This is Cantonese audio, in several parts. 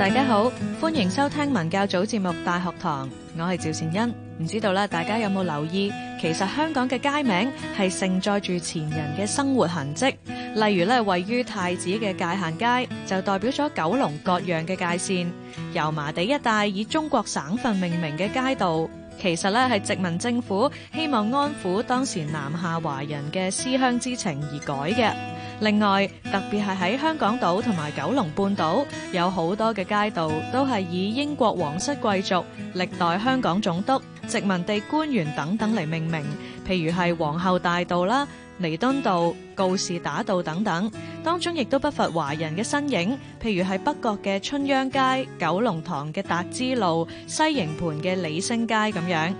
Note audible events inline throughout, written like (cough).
大家好，歡迎收聽文教組節目《大學堂》，我係趙善恩。唔知道咧，大家有冇留意？其實香港嘅街名係盛載住前人嘅生活痕跡，例如咧位於太子嘅界限街，就代表咗九龍各樣嘅界線；油麻地一帶以中國省份命名嘅街道，其實咧係殖民政府希望安撫當時南下華人嘅思鄉之情而改嘅。另外，特別係喺香港島同埋九龍半島，有好多嘅街道都係以英國皇室貴族、歷代香港總督、殖民地官員等等嚟命名，譬如係皇后大道啦、彌敦道、告士打道等等。當中亦都不乏華人嘅身影，譬如係北角嘅春秧街、九龍塘嘅達之路、西營盤嘅李陞街咁樣。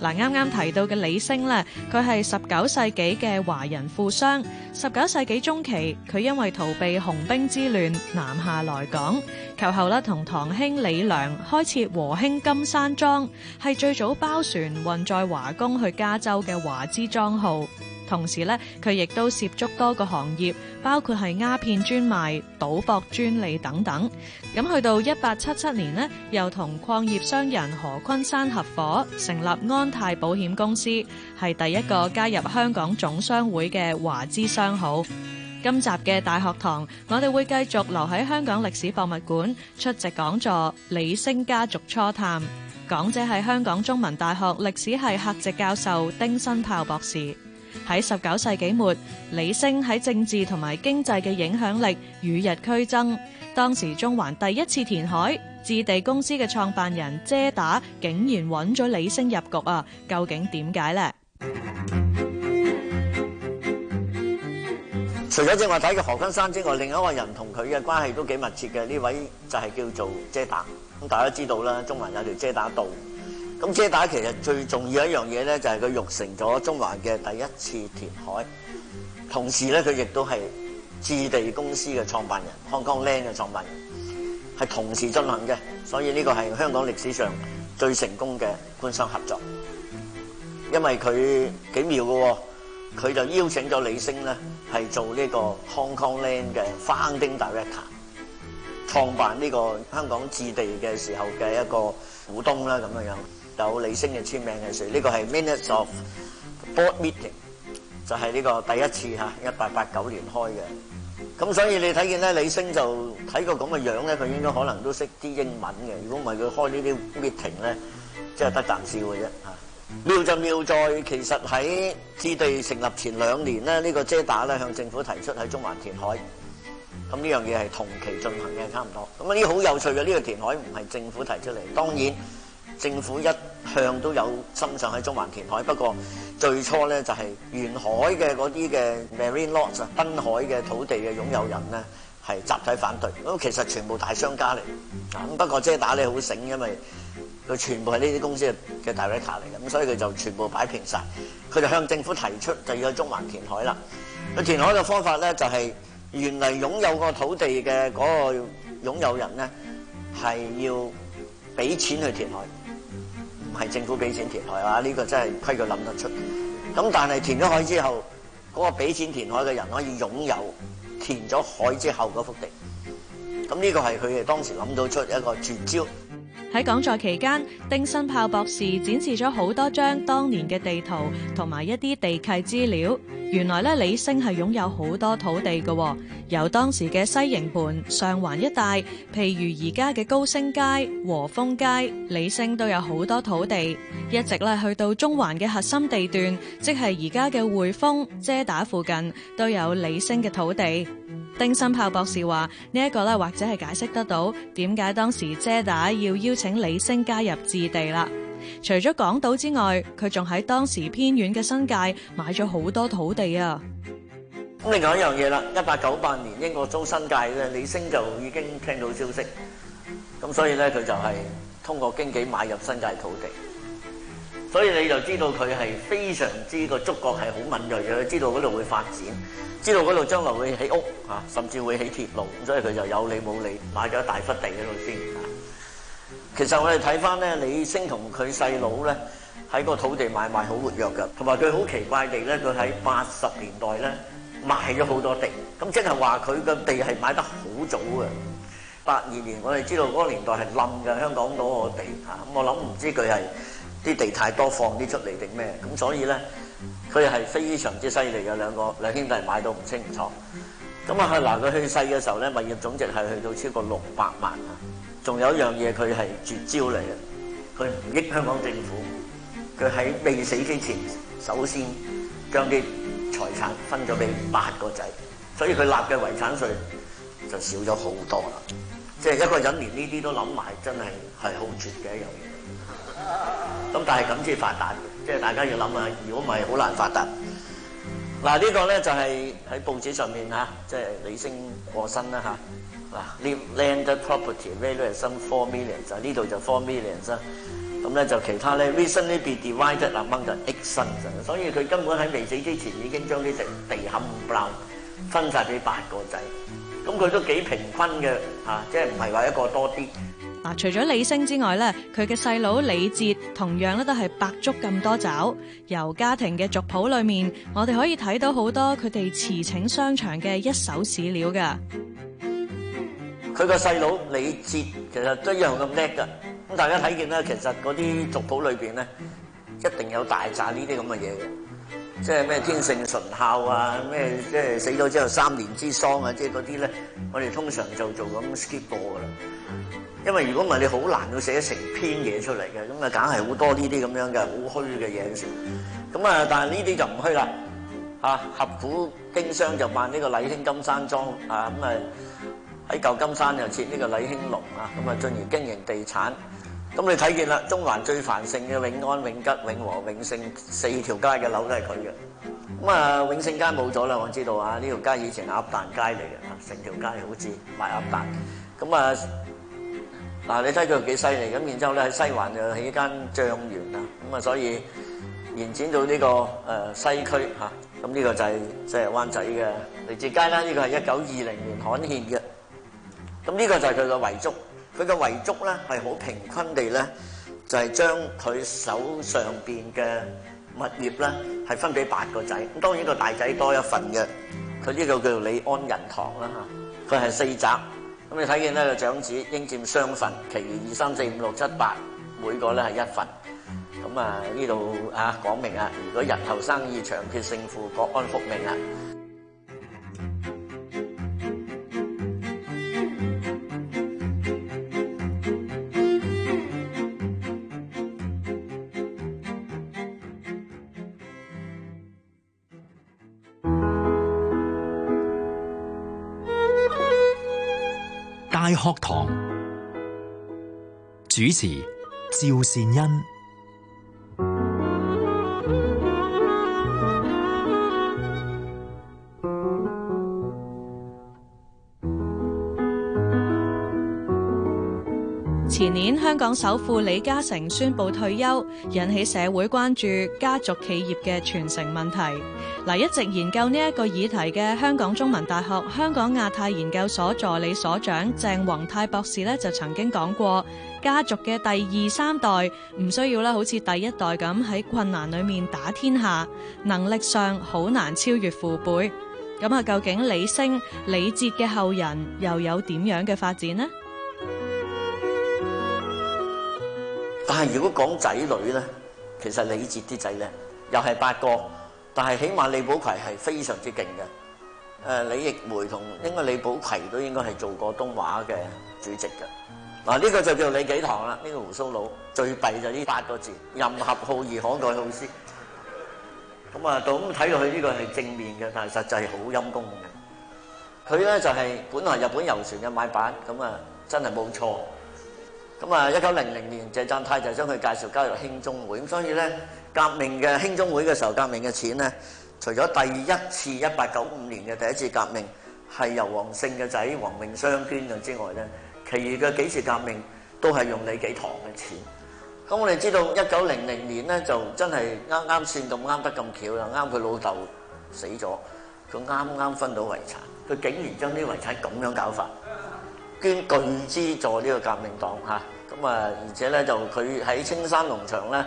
嗱，啱啱提到嘅李升咧，佢係十九世紀嘅華人富商。十九世紀中期，佢因為逃避洪兵之亂南下來港，求後啦同堂兄李良開設和興金山莊，係最早包船運載華工去加州嘅華之莊號。同時咧，佢亦都涉足多個行業，包括係鴉片專賣、賭博專利等等。咁去到一八七七年咧，又同礦業商人何坤山合夥成立安泰保險公司，係第一個加入香港總商會嘅華資商號。今集嘅大學堂，我哋會繼續留喺香港歷史博物館出席講座《李升家族初探》。講者係香港中文大學歷史系客席教授丁新豹博士。喺十九世紀末，李星喺政治同埋經濟嘅影響力與日俱增。當時中環第一次填海，置地公司嘅創辦人遮打竟然揾咗李星入局啊！究竟點解呢？除咗正話睇嘅何君山之外，另一個人同佢嘅關係都幾密切嘅，呢位就係叫做遮打。咁大家知道啦，中環有條遮打道。咁遮打其實最重要一樣嘢咧，就係佢育成咗中環嘅第一次填海，同時咧佢亦都係置地公司嘅創辦人，Hong Kong Land 嘅創辦人，係同時進行嘅，所以呢個係香港歷史上最成功嘅官商合作。因為佢幾妙㗎喎，佢就邀請咗李昇咧係做呢個 Hong Kong Land 嘅 founding director，創辦呢個香港置地嘅時候嘅一個股東啦咁樣樣。有李陞嘅簽名嘅，呢個係 minutes of board meeting，就係呢個第一次嚇，一八八九年開嘅。咁所以你睇見咧，李陞就睇過咁嘅樣咧，佢應該可能都識啲英文嘅。如果唔係佢開呢啲 meeting 咧，即係得啖笑嘅啫嚇。妙就妙在，其實喺置地成立前兩年咧，呢個遮打咧向政府提出喺中環填海，咁呢樣嘢係同期進行嘅，差唔多。咁啊啲好有趣嘅，呢個填海唔係政府提出嚟，當然。政府一向都有心想喺中環填海，不過最初咧就係、是、沿海嘅嗰啲嘅 marine lots 啊，濱海嘅土地嘅擁有人咧係集體反對。咁其實全部大商家嚟。咁不過遮打你好醒，因為佢全部係呢啲公司嘅大 director 嚟嘅，咁所以佢就全部擺平晒，佢就向政府提出就要去中環填海啦。佢填海嘅方法咧就係、是、原嚟擁有個土地嘅嗰個擁有人咧係要俾錢去填海。係政府俾錢填海啊！呢、這個真係虧佢諗得出。咁但係填咗海之後，嗰、那個俾錢填海嘅人可以擁有填咗海之後嗰幅地。咁、這、呢個係佢哋當時諗到出一個絕招。喺講座期間，丁新豹博士展示咗好多張當年嘅地圖同埋一啲地契資料。原來咧，李陞係擁有好多土地嘅，由當時嘅西營盤、上環一帶，譬如而家嘅高升街、和風街，李陞都有好多土地，一直咧去到中環嘅核心地段，即係而家嘅匯豐、遮打附近，都有李陞嘅土地。丁新豹博士話：呢、這、一個咧，或者係解釋得到點解當時遮打要邀請李陞加入置地啦。除咗港島之外，佢仲喺當時偏遠嘅新界買咗好多土地啊。咁另外一樣嘢啦，一八九八年英國租新界咧，李陞就已經聽到消息，咁所以咧佢就係通過經紀買入新界土地。所以你就知道佢係非常之個觸覺係好敏鋭，佢知道嗰度會發展，知道嗰度將來會起屋嚇、啊，甚至會起鐵路，所以佢就有理冇理買咗大忽地喺度先。其實我哋睇翻咧，李星同佢細佬咧喺個土地買賣好活躍嘅，同埋佢好奇怪地咧，佢喺八十年代咧賣咗好多地，咁即係話佢嘅地係買得好早嘅，八二年我哋知道嗰個年代係冧嘅香港嗰個地嚇，咁、啊、我諗唔知佢係。啲地太多放啲出嚟定咩？咁所以咧，佢係非常之犀利嘅兩個兩兄弟買到唔清唔楚。咁啊、嗯，嗱佢去世嘅時候咧，物業總值係去到超過六百萬啊！仲有一樣嘢，佢係絕招嚟嘅，佢唔益香港政府。佢喺未死之前，首先將啲財產分咗俾八個仔，所以佢立嘅遺產稅就少咗好多啦。即係一個人連呢啲都諗埋，真係係好絕嘅一樣嘢。咁但係咁先發達嘅，即係大家要諗下，如果唔係，好難發達。嗱、啊，這個、呢個咧就係、是、喺報紙上面嚇、啊，即係李升過身啦吓、啊、嗱、啊、Landed Property valuation four millions，呢、啊、度就 four millions 啦、啊。咁、啊、咧就其他咧，recently be divided among 就 eight sons。所以佢根本喺未死之前已經將呢地地冚唪分晒俾八個仔。咁、啊、佢都幾平均嘅嚇、啊，即係唔係話一個多啲。嗱、啊，除咗李升之外咧，佢嘅細佬李哲同樣咧都係百足咁多爪。由家庭嘅族譜裏面，我哋可以睇到好多佢哋馳騁商場嘅一手史料噶。佢個細佬李哲其實都一樣咁叻噶。咁大家睇見咧，其實嗰啲族譜裏邊咧，一定有大雜呢啲咁嘅嘢嘅，即係咩天性純孝啊，咩即係死咗之後三年之喪啊，即係嗰啲咧，我哋通常就做咁 skip 過噶啦。因為如果唔係，你好難要寫成篇嘢出嚟嘅，咁啊梗係好多呢啲咁樣嘅好虛嘅嘢先。咁啊，但係呢啲就唔虛啦，嚇合府經商就辦呢個禮興金山莊，啊咁啊喺舊金山就設呢個禮興隆啊，咁啊進而經營地產。咁你睇見啦，中環最繁盛嘅永安、永吉、永和永、永盛四條街嘅樓都係佢嘅。咁啊，永盛街冇咗啦，我知道啊，呢條街以前係鴨蛋街嚟嘅，成、啊、條街好似賣鴨蛋。咁啊～嗱，你睇佢幾犀利咁，然之後咧喺西環就起間醬園啦，咁啊，所以延展到呢個誒西區嚇，咁呢個就係即係灣仔嘅李節街啦，呢個係一九二零年刊憲嘅，咁呢個就係佢個遺囑，佢個遺囑咧係好平均地咧，就係將佢手上邊嘅物業咧係分俾八個仔，咁當然個大仔多一份嘅，佢呢個叫做李安仁堂啦嚇，佢係四宅。咁你睇見咧，長子應佔雙份，其餘二三四五六七八每個咧係一份。咁啊，呢度啊講明啊，如果日後生意長期勝負，各安福命啦。大學堂主持：趙善恩。香港首富李嘉誠宣布退休，引起社會關注家族企業嘅傳承問題。嗱，一直研究呢一個議題嘅香港中文大學香港亞太研究所助理所長鄭宏泰博士咧，就曾經講過：家族嘅第二三代唔需要啦，好似第一代咁喺困難裏面打天下，能力上好難超越父輩。咁啊，究竟李升、李哲嘅後人又有點樣嘅發展呢？但係如果講仔女咧，其實李捷啲仔咧又係八個，但係起碼李寶葵係非常之勁嘅。誒、呃，李亦梅同應該李寶葵都應該係做過東華嘅主席嘅。嗱、啊，呢、這個就叫李紀堂啦，呢、這個鬍鬚佬最弊就呢八個字，任俠好義，慷慨好施。咁、嗯、啊，咁睇落去呢個係正面嘅，但係實際係好陰功嘅。佢咧就係、是、本來日本郵船嘅買辦，咁啊真係冇錯。咁啊，一九零零年，謝纘泰就將佢介紹加入興中會，咁所以咧，革命嘅興中會嘅時候，革命嘅錢咧，除咗第一次一八九五年嘅第一次革命係由黃勝嘅仔黃明湘捐嘅之外咧，其餘嘅幾次革命都係用李紀堂嘅錢。咁我哋知道一九零零年咧，就真係啱啱算咁啱得咁巧，又啱佢老豆死咗，佢啱啱分到遺產，佢竟然將啲遺產咁樣搞法。捐巨資助呢個革命黨嚇，咁啊而且咧就佢喺青山農場咧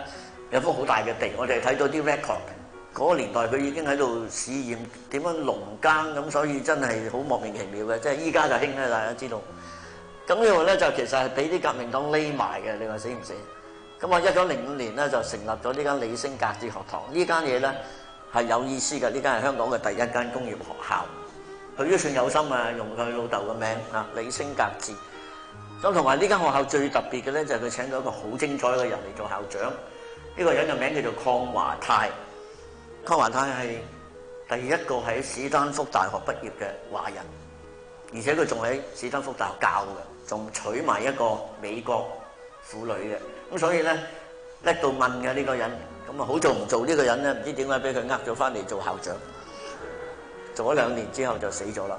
有幅好大嘅地，我哋睇到啲 record 嘅，嗰、那個年代佢已經喺度試驗點樣農耕咁，所以真係好莫名其妙嘅，即係依家就興啦，大家知道。咁呢個咧就其實係俾啲革命黨匿埋嘅，你話死唔死？咁啊，一九零五年咧就成立咗呢間李陞格致學堂，間呢間嘢咧係有意思嘅，呢間係香港嘅第一間工業學校。佢都算有心啊，用佢老豆嘅名啊，李陞格致。咁同埋呢間學校最特別嘅咧，就係佢請到一個好精彩嘅人嚟做校長。呢個人嘅名叫做鄺華泰。鄺華泰係第一個喺史丹福大學畢業嘅華人，而且佢仲喺史丹福大學教嘅，仲娶埋一個美國婦女嘅。咁所以咧叻到問嘅呢個人，咁啊好做唔做呢個人咧？唔知點解俾佢呃咗翻嚟做校長。做咗兩年之後就死咗啦，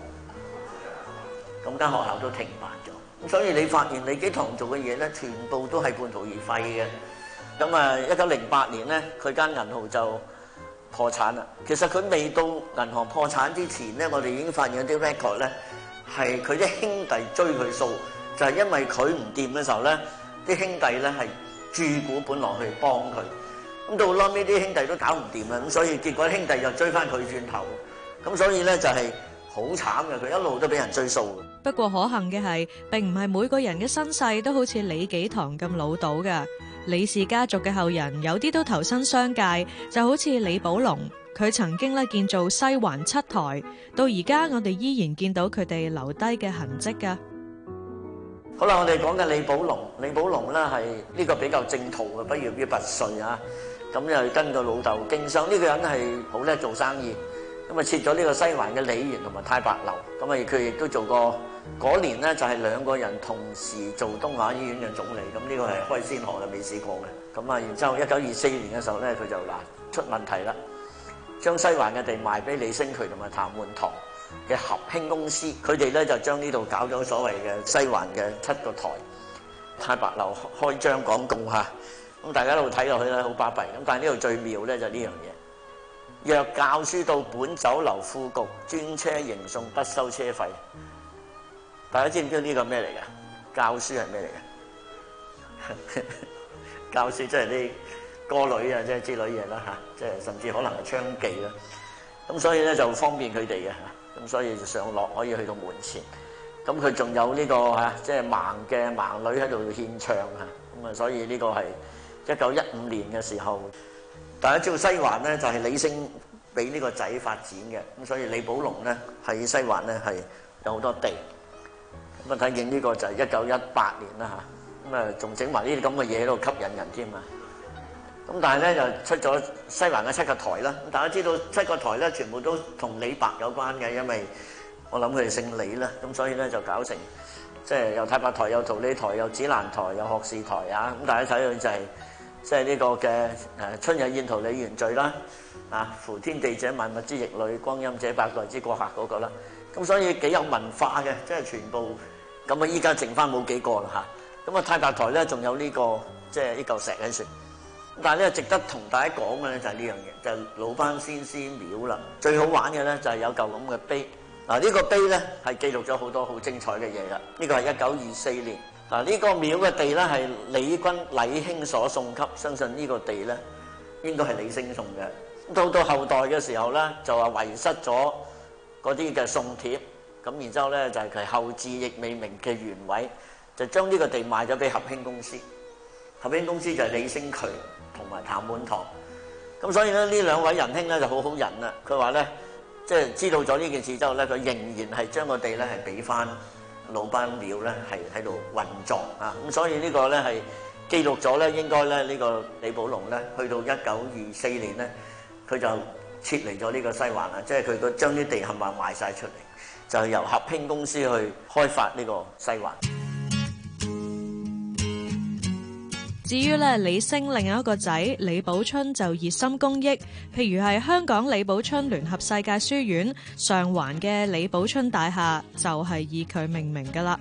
咁間學校都停辦咗。咁所以你發現你幾堂做嘅嘢咧，全部都係半途而廢嘅。咁啊，一九零八年咧，佢間銀行就破產啦。其實佢未到銀行破產之前咧，我哋已經發現啲 record 咧係佢啲兄弟追佢數，就係因為佢唔掂嘅時候咧，啲兄弟咧係注股本落去幫佢。咁到後屘啲兄弟都搞唔掂啦，咁所以結果兄弟又追翻佢轉頭。咁所以咧就係好慘嘅，佢一路都俾人追數嘅。不過可幸嘅係並唔係每個人嘅身世都好似李紀堂咁老到嘅。李氏家族嘅後人有啲都投身商界，就好似李寶龍，佢曾經咧建造西環七台，到而家我哋依然見到佢哋留低嘅痕跡㗎。好啦，我哋講嘅李寶龍，李寶龍咧係呢個比較正途嘅，不如啲拔稅啊。咁又跟個老豆經商，呢個人係好叻做生意。咁啊，設咗呢個西環嘅李園同埋太白樓，咁啊，佢亦都做過。嗰年咧，就係兩個人同時做東華醫院嘅總理。咁呢個係開先河嘅，未試過嘅。咁啊，然之後一九二四年嘅時候咧，佢就嗱出問題啦，將西環嘅地賣俾李星渠同埋譚煥堂嘅合興公司。佢哋咧就將呢度搞咗所謂嘅西環嘅七個台，太白樓開張廣告吓，咁大家一路睇落去咧，好巴閉，咁但係呢度最妙咧就係呢樣嘢。若教書到本酒樓副局，專車迎送，不收車費。嗯、大家知唔知呢個咩嚟㗎？嗯、教書係咩嚟㗎？ (laughs) 教書即係啲歌女啊，即係之類嘢啦嚇，即係甚至可能係娼妓啦。咁所以咧就方便佢哋嘅，咁所以就上落可以去到門前。咁佢仲有呢個嚇，即係盲嘅盲女喺度獻唱嚇。咁啊，所以呢個係一九一五年嘅時候。大家知道西環咧就係李陞俾呢個仔發展嘅，咁、嗯、所以李寶龍咧喺西環咧係有好多地。咁啊，睇見呢個就係一九一八年啦嚇，咁啊仲整埋呢啲咁嘅嘢喺度吸引人添啊。咁、嗯、但係咧就出咗西環嘅七個台啦。咁、嗯、大家知道七個台咧全部都同李白有關嘅，因為我諗佢哋姓李啦，咁、嗯、所以咧就搞成即係有太白台、有桃李台、有青蓮台、有學士台啊。咁、嗯、大家睇佢就係、是。即係呢個嘅誒春日宴桃李園聚啦，啊夫天地者萬物之逆旅，光陰者百代之過客嗰個啦。咁所以幾有文化嘅，即係全部咁啊！依家剩翻冇幾個啦嚇。咁啊，太白台咧仲有呢個即係呢嚿石喺度。但係咧值得同大家講嘅咧就係呢樣嘢，就係、是、魯班先師廟啦。最好玩嘅咧就係有嚿咁嘅碑。嗱、這、呢個碑咧係記錄咗好多好精彩嘅嘢啦。呢、這個係一九二四年。嗱，呢個廟嘅地咧係李君李兄所送給，相信呢個地咧應該係李星送嘅。到到後代嘅時候咧，就話遺失咗嗰啲嘅送帖，咁然之後咧就係佢後置亦未明嘅原委，就將呢個地賣咗俾合興公司。合興公司就係李星渠同埋譚滿堂。咁所以咧呢兩位仁兄咧就好好人啊！佢話咧即係知道咗呢件事之後咧，佢仍然係將個地咧係俾翻。魯班廟咧係喺度運作啊，咁所以呢個咧係記錄咗咧，應該咧呢個李寶龍咧去到一九二四年咧，佢就撤離咗呢個西環啦，即係佢個將啲地冚唪唥賣晒出嚟，就由合興公司去開發呢個西環。至於呢，李升另一個仔，李寶春就熱心公益，譬如係香港李寶春聯合世界書院，上環嘅李寶春大廈就係以佢命名㗎喇。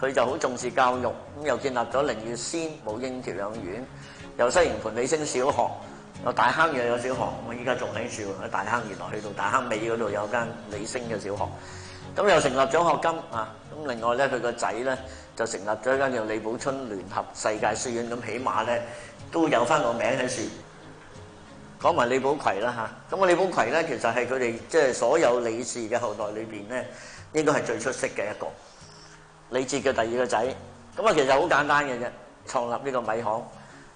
佢就好重視教育，咁又建立咗凌月仙母嬰調養院，又西營盤李陞小學，又大坑又有小學，我依家仲喺樹喺大坑原來去到大坑尾嗰度有間李陞嘅小學，咁又成立獎學金啊！咁另外咧，佢個仔咧就成立咗間叫李寶椿聯合世界書院，咁起碼咧都有翻個名喺樹。講埋李寶葵啦嚇，咁個李寶葵咧其實係佢哋即係所有李氏嘅後代裏邊咧，應該係最出色嘅一個。李治的第二個仔，咁啊其實很簡單的，創立這個米行，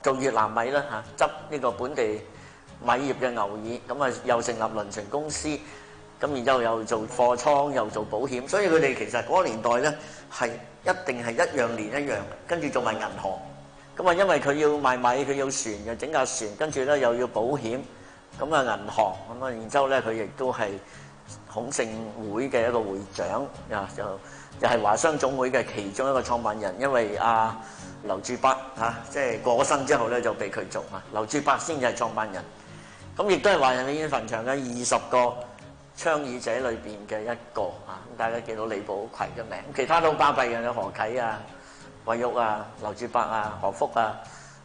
做越南米啦吓，執這個本地米業的牛耳，咁啊又成立輪船公司，咁然後又做貨倉，又做保險，所以他們其實那年代呢，是一定是一樣連一樣，跟着做埋銀行，咁啊因為他要賣米，他要船，又整架船，跟着咧又要保險，咁啊銀行，咁啊然後佢也是孔聖會的一個會長，啊就就係華商總會嘅其中一個創辦人，因為阿劉鑄伯嚇，即係過咗身之後咧，就俾佢做啊。劉鑄伯先至係創辦人，咁、嗯、亦、嗯、都係華人永遠墳場嘅二十個倡議者裏邊嘅一個嚇。咁、啊、大家見到李寶葵嘅名，其他都巴閉嘅，有何啟啊、韋玉啊、劉鑄伯啊、何福啊、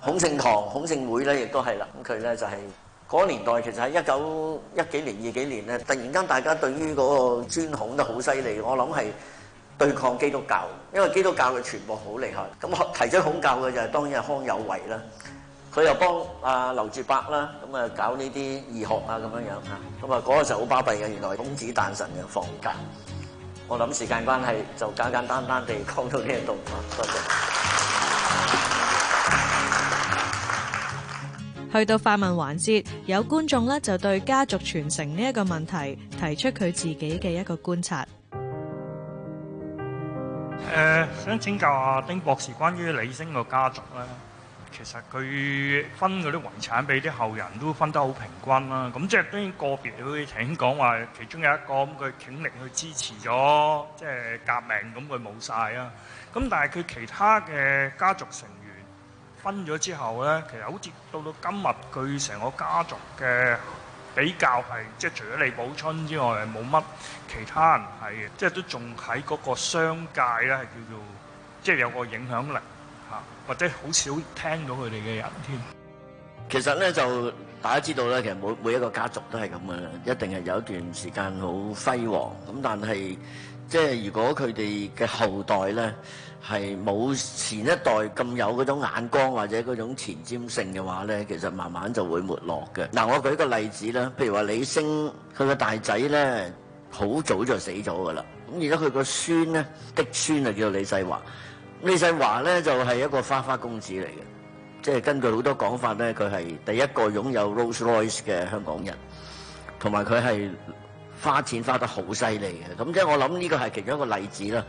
孔聖堂、孔聖會咧，亦都係啦。咁佢咧就係、是、嗰年代，其實喺一九一幾，一幾年、二幾年咧，突然間大家對於嗰個尊孔都好犀利，我諗係。對抗基督教，因為基督教嘅傳播好厲害。咁提出孔教嘅就係、是、當然係康有為啦，佢又幫阿劉鑄伯啦，咁、嗯、啊搞呢啲義學啊咁樣樣嚇。咁啊嗰個時候好巴閉嘅，原來孔子誕辰嘅放假。我諗時間關係，就簡簡單單地講到呢度。多謝，謝。去到發問環節，有觀眾咧就對家族傳承呢一個問題提出佢自己嘅一個觀察。誒、呃、想請教下、啊、丁博士，關於李昇個家族咧，其實佢分嗰啲遺產俾啲後人都分得好平均啦、啊。咁、嗯、即係當然個別會聽講話，其中有一個咁佢傾力去支持咗即係革命，咁佢冇晒啊。咁、嗯、但係佢其他嘅家族成員分咗之後咧，其實好似到到今日，佢成個家族嘅。比較係即係除咗李寶春之外，冇乜其他人係嘅，即係都仲喺嗰個商界咧係叫做，即係有個影響力吓，或者好少聽到佢哋嘅人添。其實咧就大家知道咧，其實每每一個家族都係咁嘅啦，一定係有一段時間好輝煌。咁但係即係如果佢哋嘅後代咧係冇前一代咁有嗰種眼光或者嗰種前瞻性嘅話咧，其實慢慢就會沒落嘅。嗱、啊，我舉一個例子啦，譬如話李升佢個大仔咧好早就死咗㗎喇。咁而家佢個孫咧嫡孫就叫做李世華，李世華咧就係、是、一個花花公子嚟嘅。即係根據好多講法咧，佢係第一個擁有 Rolls-Royce 嘅香港人，同埋佢係花錢花得好犀利嘅。咁即係我諗呢個係其中一個例子啦。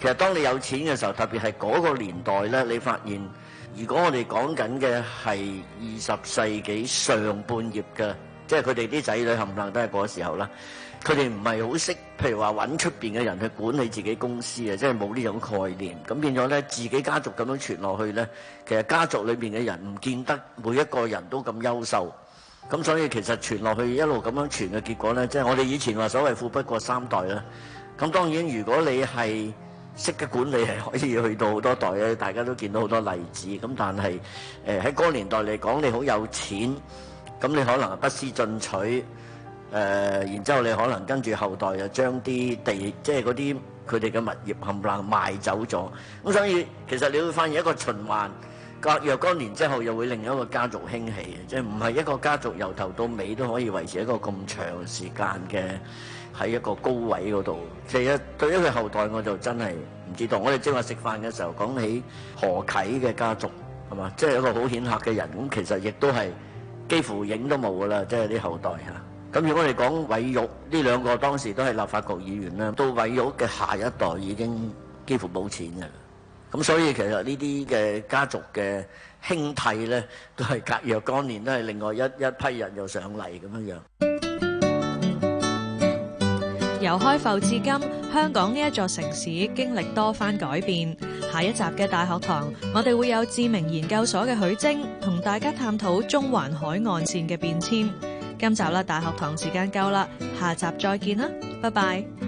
其實當你有錢嘅時候，特別係嗰個年代咧，你發現如果我哋講緊嘅係二十世紀上半葉嘅，即係佢哋啲仔女，冚唪唥都係嗰時候啦。佢哋唔係好識，譬如話揾出邊嘅人去管理自己公司啊，即係冇呢種概念。咁變咗呢，自己家族咁樣傳落去呢，其實家族裏面嘅人唔見得每一個人都咁優秀。咁所以其實傳落去一路咁樣傳嘅結果呢，即係我哋以前話所謂富不過三代啦。咁當然，如果你係識嘅管理係可以去到好多代咧，大家都見到好多例子。咁但係誒喺嗰年代嚟講，你好有錢，咁你可能係不思進取。誒、呃，然之後你可能跟住後代又將啲地，即係嗰啲佢哋嘅物業冚唪唥賣走咗，咁、嗯、所以其實你會發現一個循環，隔若干年之後又會另一個家族興起，即係唔係一個家族由頭到尾都可以維持一個咁長時間嘅喺一個高位嗰度。其實對於佢後代，我就真係唔知道。我哋正話食飯嘅時候講起何啟嘅家族係嘛，即係一個好顯赫嘅人，咁、嗯、其實亦都係幾乎影都冇噶啦，即係啲後代嚇。咁如果我哋講韋玉呢兩個當時都係立法局議員啦，到韋玉嘅下一代已經幾乎冇錢嘅，咁所以其實呢啲嘅家族嘅兄弟咧，都係隔若干年都係另外一一批人又上嚟咁樣樣。由開埠至今，香港呢一座城市經歷多番改變。下一集嘅大學堂，我哋會有知名研究所嘅許晶同大家探討中環海岸線嘅變遷。今集啦，大學堂時間夠啦，下集再見啦，拜拜。